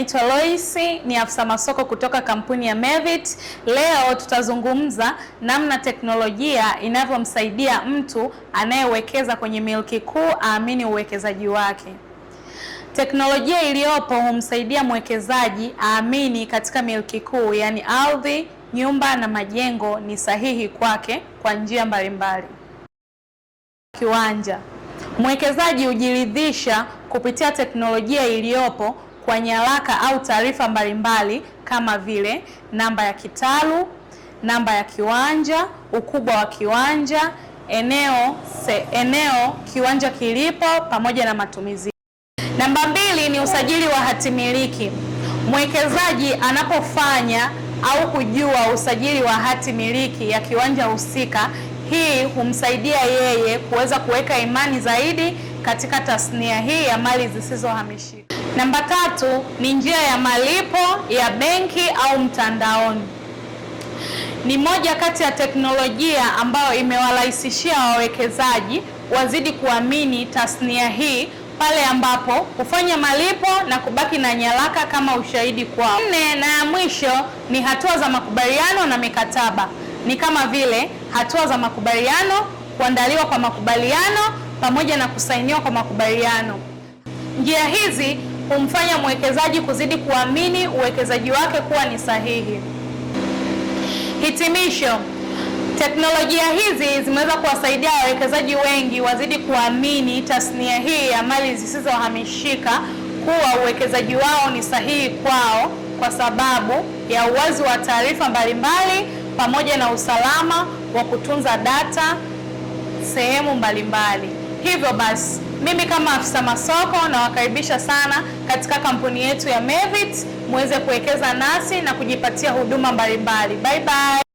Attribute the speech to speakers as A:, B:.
A: naitwa Loisi, ni afisa masoko kutoka kampuni ya Mevit. Leo tutazungumza namna teknolojia inavyomsaidia mtu anayewekeza kwenye milki kuu aamini uwekezaji wake. Teknolojia iliyopo humsaidia mwekezaji aamini katika milki kuu, yaani ardhi, nyumba na majengo ni sahihi kwake kwa njia mbalimbali. Kiwanja mwekezaji hujiridhisha kupitia teknolojia iliyopo kwa nyaraka au taarifa mbalimbali kama vile namba ya kitalu, namba ya kiwanja, ukubwa wa kiwanja, eneo se, eneo kiwanja kilipo pamoja na matumizi. Namba mbili ni usajili wa hatimiliki. Mwekezaji anapofanya au kujua usajili wa hati miliki ya kiwanja husika, hii humsaidia yeye kuweza kuweka imani zaidi katika tasnia hii ya mali zisizohamishika. Namba tatu ni njia ya malipo ya benki au mtandaoni. Ni moja kati ya teknolojia ambayo imewarahisishia wawekezaji wazidi kuamini tasnia hii pale ambapo kufanya malipo na kubaki na nyaraka kama ushahidi kwao. Nne na ya mwisho ni hatua za makubaliano na mikataba, ni kama vile hatua za makubaliano, kuandaliwa kwa makubaliano pamoja na kusainiwa kwa makubaliano. Njia hizi humfanya mwekezaji kuzidi kuamini uwekezaji wake kuwa ni sahihi. Hitimisho, teknolojia hizi zimeweza kuwasaidia wawekezaji wengi wazidi kuamini tasnia hii ya mali zisizohamishika kuwa uwekezaji wao ni sahihi kwao kwa sababu ya uwazi wa taarifa mbalimbali pamoja na usalama wa kutunza data sehemu mbalimbali. Hivyo basi mimi kama afisa masoko nawakaribisha sana katika kampuni yetu ya mevit muweze kuwekeza nasi na kujipatia huduma mbalimbali. Bye bye.